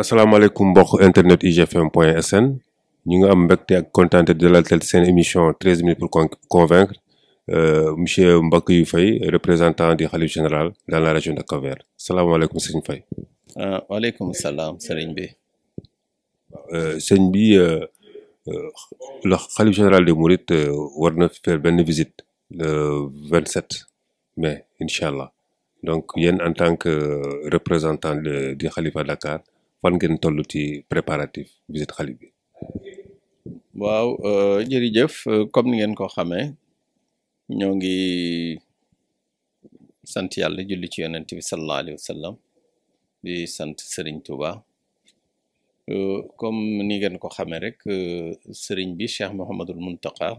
asalaamaaleykum mbokk internet igfm point sn ñu ngi am mbégte ak kontaante di dalal seen émission 13 minutes pour convaincre euh, monsieur yu Faye représentant du khalife général dans la région de Cap-Vert salaamaaleykum sëñ Faye. Euh, waaleykum salaam sëriñ bi. Euh, sëñ bi le khalife général des Mourides war na faire benn visite le 27 mai incha allah donc yéen en tant que représentant du khalife à Dakar. fan ngeen toll ci préparatif visite xalif bi. waaw euh, jërëjëf euh, comme ni ngeen ko xamee ñoo ngi sant yàlla julli ci yonent bi sallallahu alayhi wa sallam sant Serigne Touba euh, comme ni ngeen ko xame rek Serigne bi Cheikh Mouhamadul Mountakha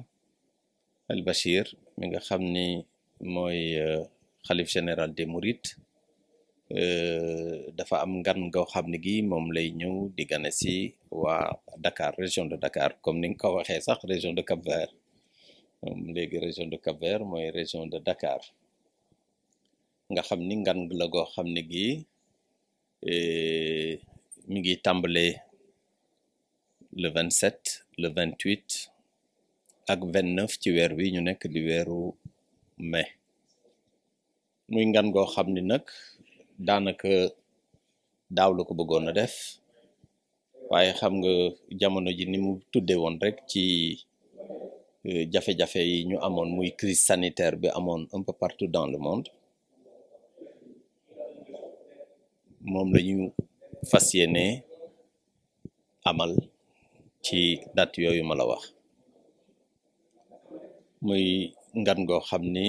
al Bachir mi nga xam ni mooy xalif général des Mourides. dafa am ngan goo xam ne gi moom lay ñëw di gane si waa Dakar région de Dakar comme ni nga ko waxee sax région de Cap-Vert léegi région de Cap-Vert mooy région de Dakar nga xam ni ngan la goo xam ne gi e, mi ngi tàmbalee le 27 le vingt 28 ak 29 ci weer wi ñu nekk di weeru mais muy ngan goo xam ni nag daanaka daaw la ko bëggoon a def waaye xam nga jamono ji ni mu tudde woon rek ci euh, jafe-jafe yi ñu amoon muy crise sanitaire bi amoon un peu partout dans le monde moom la ñu fas yéene amal ci datt yooyu ma la wax muy ngan goo xam ni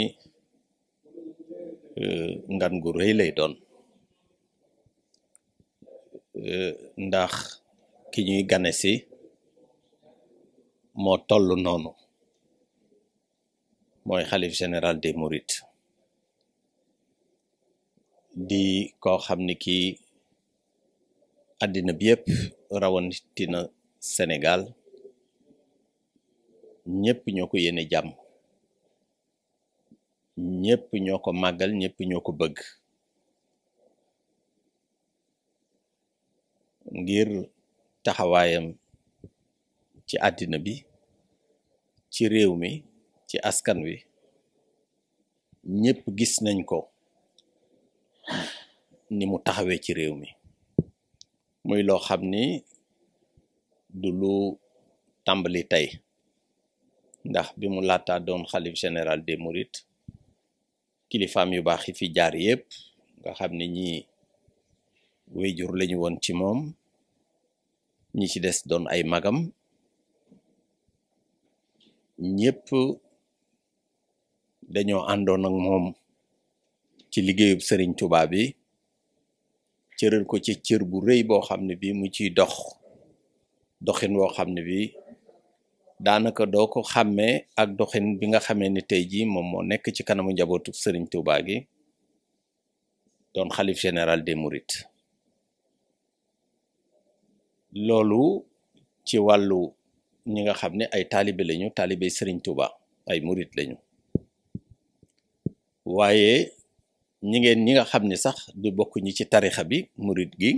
euh, ngan gu rëy lay doon Euh, ndax ki ñuy gane si moo toll noonu mooy xalif général des mourides di koo xam ni kii àddina bi yëpp rawantina Sénégal ñëpp ñoo ko yéene jàmm ñëpp ñoo ko màggal ñëpp ñoo ko bëgg ngir taxawaayam ci àddina bi ci réew mi ci askan wi ñépp gis nañ ko ni mu taxawee ci réew mi muy loo xam ni du lu tàmbali tey ndax bi mu laataa doon xalif général des mourides kilifaam yu baax yi fi jaar yépp nga xam ni ñii wéyjur lañu woon ci moom ñi ci des doon ay magam ñépp dañoo àndoon ak moom ci liggéeyub sëriñ Tuubaa bi cëral ko ci cër bu rëy boo xam ne bii mu ciy dox doxin woo xam ne bii daanaka doo ko xàmmee ak doxin bi nga xamee ne tey jii moom moo nekk ci kanamu njabootu sëriñ Tuubaa gi doon xalif général de murit loolu ci wàllu ñi nga xam ne ay taalibe lañu taalibe Sëriñ Tuuba ay murit lañu waaye ñi ngeen ñi nga xam ne sax du bokk ñi ci tarixa bi murit gi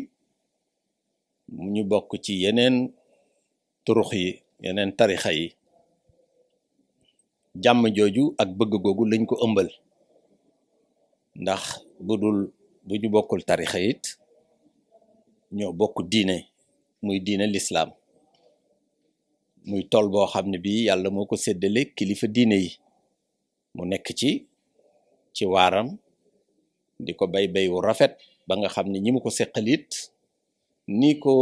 ñu bokk ci yeneen turux yi yeneen tarixa yi jàmm jooju ak bëgg googu lañ ko ëmbal ndax bu dul bu ñu bokkul tarixa it ñoo bokk diine muy diine lislaam muy tool boo xam ne bii yàlla moo ko séddale kilifa diine yi mu nekk ci ci waaram di ko bay bay wu rafet ba nga xam ne ñi mu ko seqalit ni ko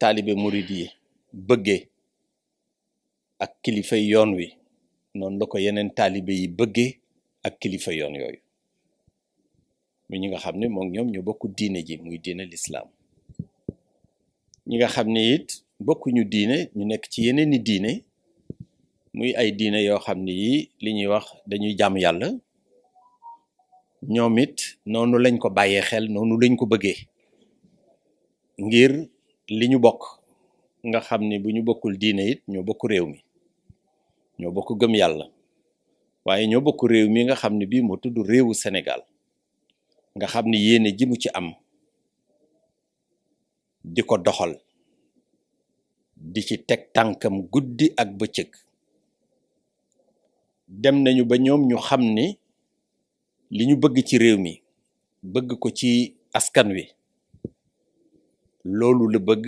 taalibe murid yi bëggee ak kilifa yoon wi noonu la ko yeneen taalibe yi bëggee ak kilifa yoon yooyu mu ñi nga xam ne moom ñoom ñu bokk diine ji muy diine lislaam ñi nga xam ni it bokkuñu diine ñu nekk ci yeneen diine muy ay diine yoo xam ni yi li ñuy wax dañuy jàmm yàlla ñoom it noonu lañ ko bàyyee xel noonu lañ ko bëggee ngir li ñu bokk nga xam ni bu ñu bokkul diine it ñoo bokku réew mi ñoo bokk gëm yàlla waaye ñoo bokk réew mi nga xam ne bii moo tudd réewu Sénégal nga xam ni yéene jimu ci am di ko doxal di ci teg tànkam guddi ak bëcëg dem nañu ba ñoom ñu xam ni li ñu bëgg ci réew mi bëgg ko ci askan wi loolu la bëgg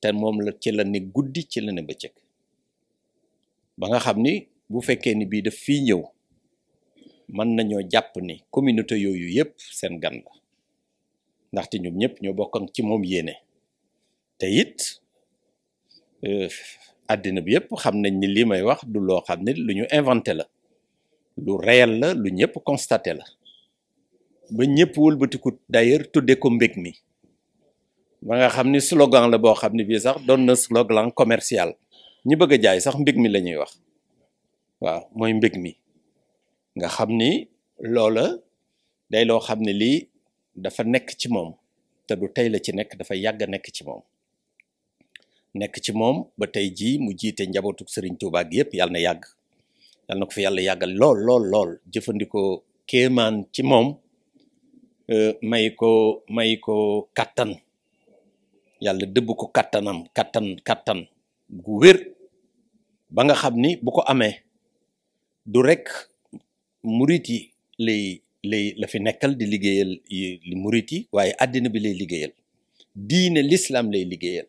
te moom la ci la ne guddi ci la ne bëccëg ba nga xam ni bu fekkee ni bii daf fii ñëw mën nañoo jàpp ni communauté yooyu yépp seen gan la ndaxte ñoom ñëpp ñoo bokkoon ci moom yéene te it euh, àddina bi yëpp xam nañ ni lii may wax du loo xam ne lu ñu inventé la lu réel la lu ñëpp constaté la ba ñëpp wëlbatiku d'ailleurs tuddee ko mbég mi ba nga xam ni slogan la boo xam ne bii sax doon slogan commercial ñi bëgg a jaay sax mbég mi la ñuy wax waaw mooy mbég mi nga xam ni loola day loo xam ne lii dafa nekk ci moom te du tey la ci nekk dafa yàgg a nekk ci moom nekk ci moom ba tey jii mu jiite njabootu Serigne Touba yëpp yàlla na yàgg yàlla na ko fi yàlla yàggal lool lool lool jëfandikoo kéemaan ci moom euh, may ko may ko kattan yàlla dëbb ko kattanam kattan kattan gu wér ba nga xam ni bu ko amee du rek muriti lay lay la fi nekkal di liggéeyal li murit yi waaye àddina bi lay liggéeyal diine l'islam lay liggéeyal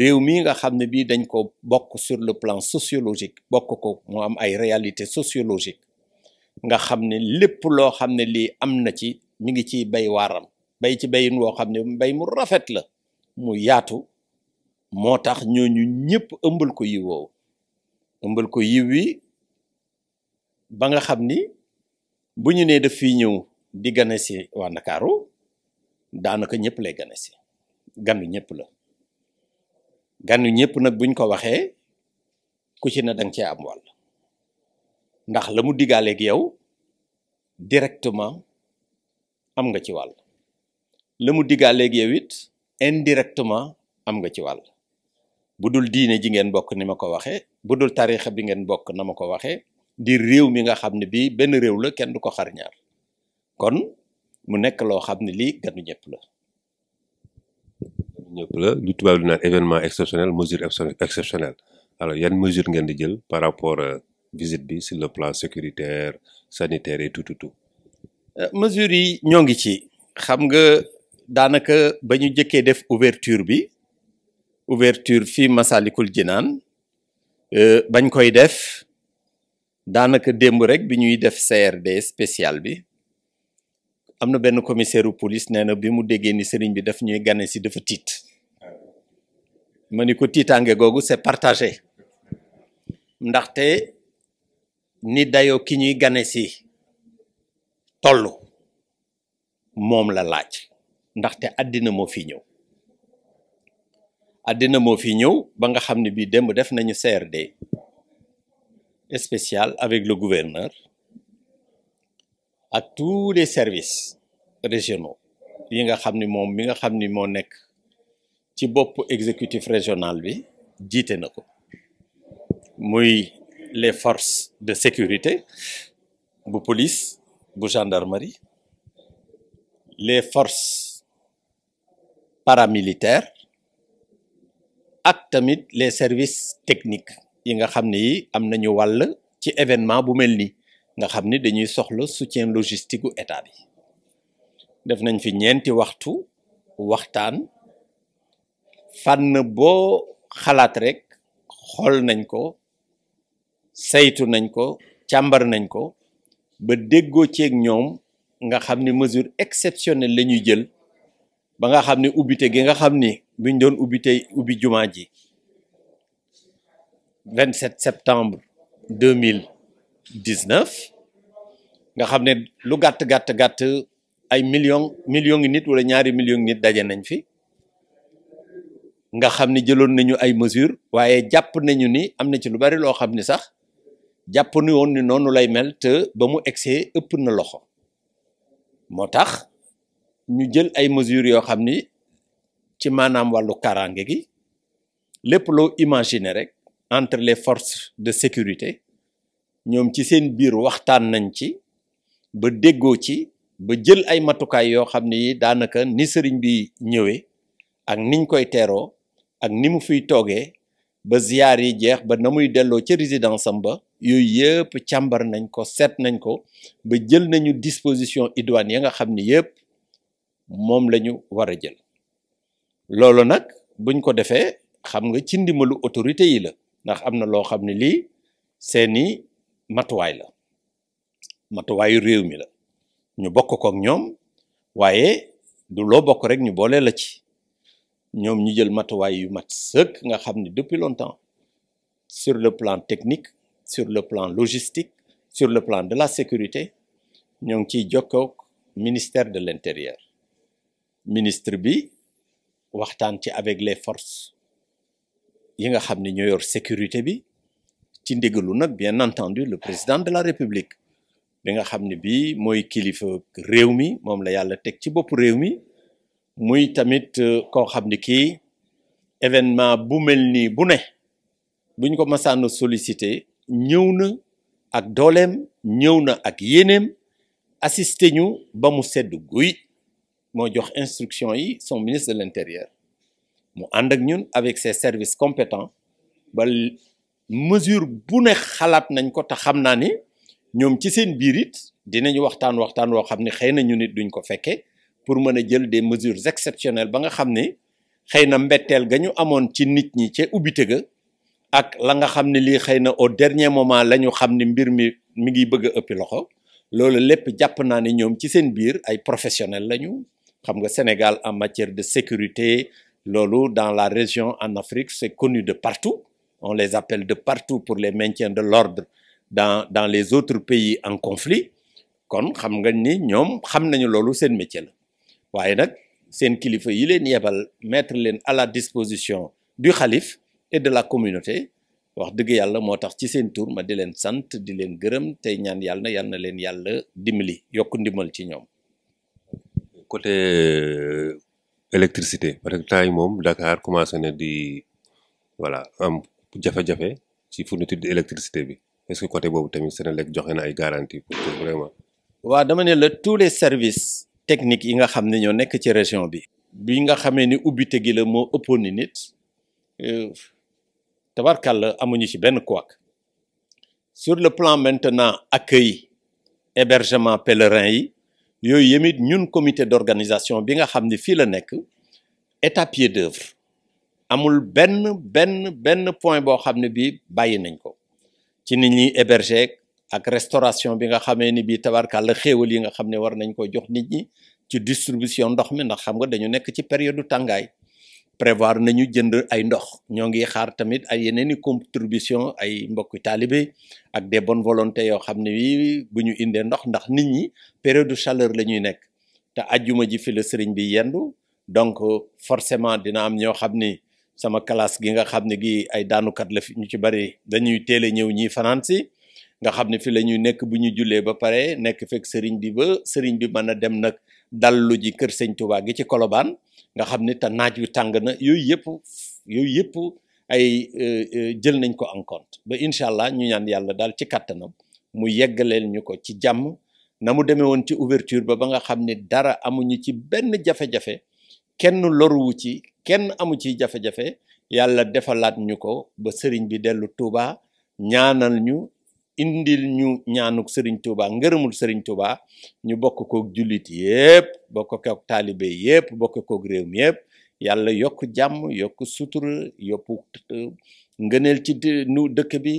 réew mi nga xam ne bii dañ ko bokk sur le plan sociologique bokk ko mu am ay réalité sociologique nga xam ne lépp loo xam ne lii am na ci mi ngi ciy bay waaram bay ci bayin woo xam ne mbay mu rafet la mu yaatu moo tax ñooñu ñëpp ëmbal ko yiw woowu ko yiw wi ba nga xam ni bu ñu nee def fiy ñëw di gane si waa Ndakaaru daanaka ñëpp lay gane si ganu ñëpp la ganu ñëpp nag buñ ko waxee ku ci na danga cee am wàll ndax la mu diggaaleeg yow directement am nga ci wàll la mu diggaaleeg yow it indirectement am nga ci wàll bu dul diine ji ngeen bokk ni ma ko waxee bu dul tariixa bi ngeen bokk na ma ko waxee diir réew mi nga xam ne bii benn réew la kenn du ko xarñaar kon mu nekk loo xam ne lii ganu ñëpp la. ñëpp la lu tubaab di naan événement exceptionnel mesure exceptionnelle alors yan mesure ngeen di jël par rapport euh, visite bi si le plan sécuritaire sanitaire et tout tout tout. Euh, yi ñoo ngi ci xam nga daanaka ba ñu jëkkee def ouverture bi ouverture fii Masalikul Jinaan euh, bañ koy def. daanaka démb rek bi ñuy def CRD spécial bi am na benn commissaire u police nee na bi mu déggee ni sëriñ bi daf ñuy gane si dafa tiit ma ni ko tiitaange googu c'est partagé ndaxte ni dayoo ki ñuy gane si tollu moom la laaj ndaxte àddina moo fi ñëw àddina moo fi ñëw ba nga xam ne bii demb def nañu CRD spéciale avec le gouverneur ak tous les services régionaux yi nga xam ni moom mi nga xam ni moo nekk ci bopp exécutif régional bi jiite na ko muy les forces de sécurité bu police bu gendarmerie les forces paramilitaires ak tamit les services techniques yi nga xam ni am nañu wàll ci événement bu mel nii nga xam ni dañuy soxla soutien logistique gu état bi def nañ fi ñeenti waxtu waxtaan fànn boo xalaat rek xool nañ ko saytu nañ ko càmbar nañ ko ba déggoo ceeg ñoom nga xam ni mesure exceptionnelle lañuy jël ba nga xam ni ubbite gi nga xam ni buñ doon ubbite ubbi jumaa ji 27 septembre 2019 nga xam ne lu gàtt gàtt gàtt ay millions million ngi nit wala ñaari millions nit daje nañ fi nga xam ne jëloon nañu ay mesures waaye jàpp nañu ni am na ci lu bari loo xam ni sax jàpp nu woon ni noonu lay mel te ba mu egsee ëpp na loxo moo tax ñu jël ay mesures yoo xam ni ci maanaam wàllu kaaraange gi lépp loo imaginer rek. entre les forces de sécurité ñoom ci seen biir waxtaan nañ ci ba déggoo ci ba jël ay matukaay yoo xam ne daanaka ni sëriñ bi ñëwee ak niñ koy teeroo ak ni mu fiy toogee ba ziyaar yi jeex ba na muy delloo ca résidence am ba yooyu yëpp càmbar nañ ko seet nañ ko ba jël nañu disposition idoine ya nga xam ni yëpp moom la ñu war a jël loolu nag buñ ko defee xam nga ci ndimalu autorité yi la ndax am na loo xam ne lii seeni matuwaay la matuwaayu réew mi la ñu bokk kook ñoom waaye du loo bokk rek ñu boole la ci ñoom ñu jël matuwaay yu mat sëkk nga xam ne depuis longtemps sur le plan technique sur le plan logistique sur le plan de la sécurité ñoo ngi ciy jokkook ministère de l'intérieur ministre bi waxtaan ci avec les forces yi nga xam ne ñoo yor sécurité bi ci ndigalu nag bien entendu le président de la république bi nga xam ne bii mooy kilifa réew mi moom la yàlla teg ci boppu réew mi muy tamit euh, koo xam ne kii événement bu mel nii bu ne buñ ko masaan sollicité ñëw na ak dooleem ñëw na ak yéeneem assisté ñu ba mu sedd guy moo jox instruction yi son ministre de l'intérieur mu ànd ak ñun avec service compétent compétents ba mesure bu ne xalaat nañ ko te xam naa ni ñoom ci seen biir it dinañu waxtaan waxtaan woo xam ne xëy na nit duñ ko fekkee pour mën a jël des mesures exceptionnelles ba nga xam ne xëy na mbetteel ga ñu amoon ci nit ñi ca ubbite ga ak la nga xam ne lii xëy na au dernier moment la ñu xam ne mbir mi mi ngi bëgg a ëppi loxo loolu lépp jàpp naa ne ñoom ci seen biir ay professionnels lañu xam nga Sénégal en matière de sécurité loolu dans la région en Afrique c'est connu de partout on les appelle de partout pour les maintiens de l'ordre dans dans les autres pays en conflit kon xam nga ni ñoom xam nañu loolu seen métier la waaye nag seen kilifa yi leen yebal mettre leen à la disposition du xalif et de la communauté wax dëgg yàlla moo tax ci seen tur ma di leen sant di leen gërëm tey ñaan yàlla na yàlla na leen yàlla dimbali yokku ndimbal ci ñoom côté électricité parce yi moom Dakar commencé na di voilà am jafe-jafe ci fourniture de électricité bi est-ce que côté boobu tamit Senelec joxe na ay garantie pour que vraiment. waaw dama ne la tous les services techniques yi nga xam ne ñoo nekk ci région bi. bi nga xamee ni ubbite gi moo ëppoon ni nit euh, tabarkal la amuñu ci benn couac sur le plan maintenant accueil hébergement pèlerin yi. yooyu yëmit ñun comité d'organisation bi nga xam ne fii la nekk état pied amul benn benn benn point boo xam ne bii bàyyi nañ ko ci nit ñuy héberger ak restauration bi nga xamee ni bii tabarkàlla xéewal yi nga xam ne war nañ ko jox nit ñi ci distribution ndox mi ndax xam nga dañu nekk ci période du tàngaay prévoir nañu jënd ay ndox ñoo ngi xaar tamit ay yeneen i contribution ay mbokki taalibe ak des bonnes volontés yoo xam ne bi bu ñu indee ndox ndax nit ñi période de chaleur la ñuy nekk te ajjuma ji fi la sëriñ bi yendu donc forcément dina am ñoo xam ni sama classe gi nga xam ne gi ay daanukat la fi ñu ci bari dañuy teel a ñëw ñiy fanaan si nga xam ne fi la ñuy nekk bu ñu jullee ba pare nekk fekk sëriñ bi ba sëriñ bi mën a dem nag dallu ji kër sëñ Tuubaa gi ci Kolobaan nga xam ni te naaj wi tàng na yooyu yëpp yooyu yëpp ay euh, euh, jël nañ ko en compte ba incha allah ñu ñaan yàlla daal ci kattanam mu yeggaleel ñu ko ci jàmm na mu demee woon ci ouverture ba ba nga xam ni dara amuñu ci benn jafe-jafe kenn loruwu ci kenn amu ci jafe-jafe yàlla defalaat ñu ko ba sëriñ bi dellu Tuuba ñaanal ñu indil ñu ñaanuk Serigne Touba ngërëmul Serigne Touba ñu bokk koog jullit yépp bokk koog taalibe yépp bokk koog réew mi yépp yàlla yokk jàmm yokk sutura yokk ngëneel ci nu dëkk bi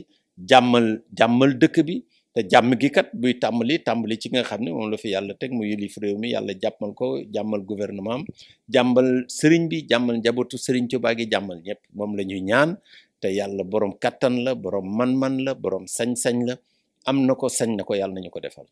jàmmal jàmmal dëkk bi te jàmm gi kat buy tàmbali tàmbali ci nga xam ne moom la fi yàlla teg mu yëlif réew mi yàlla ko jàmmal gouvernement am jàmmal sëriñ bi jàmmal njabootu sëriñ Tuubaa gi jàmmal ñëpp moom la ñuy ñaan te yàlla borom kattan la borom man-man la borom sañ-sañ la am na ko sañ na ko yàlla nañu ko defal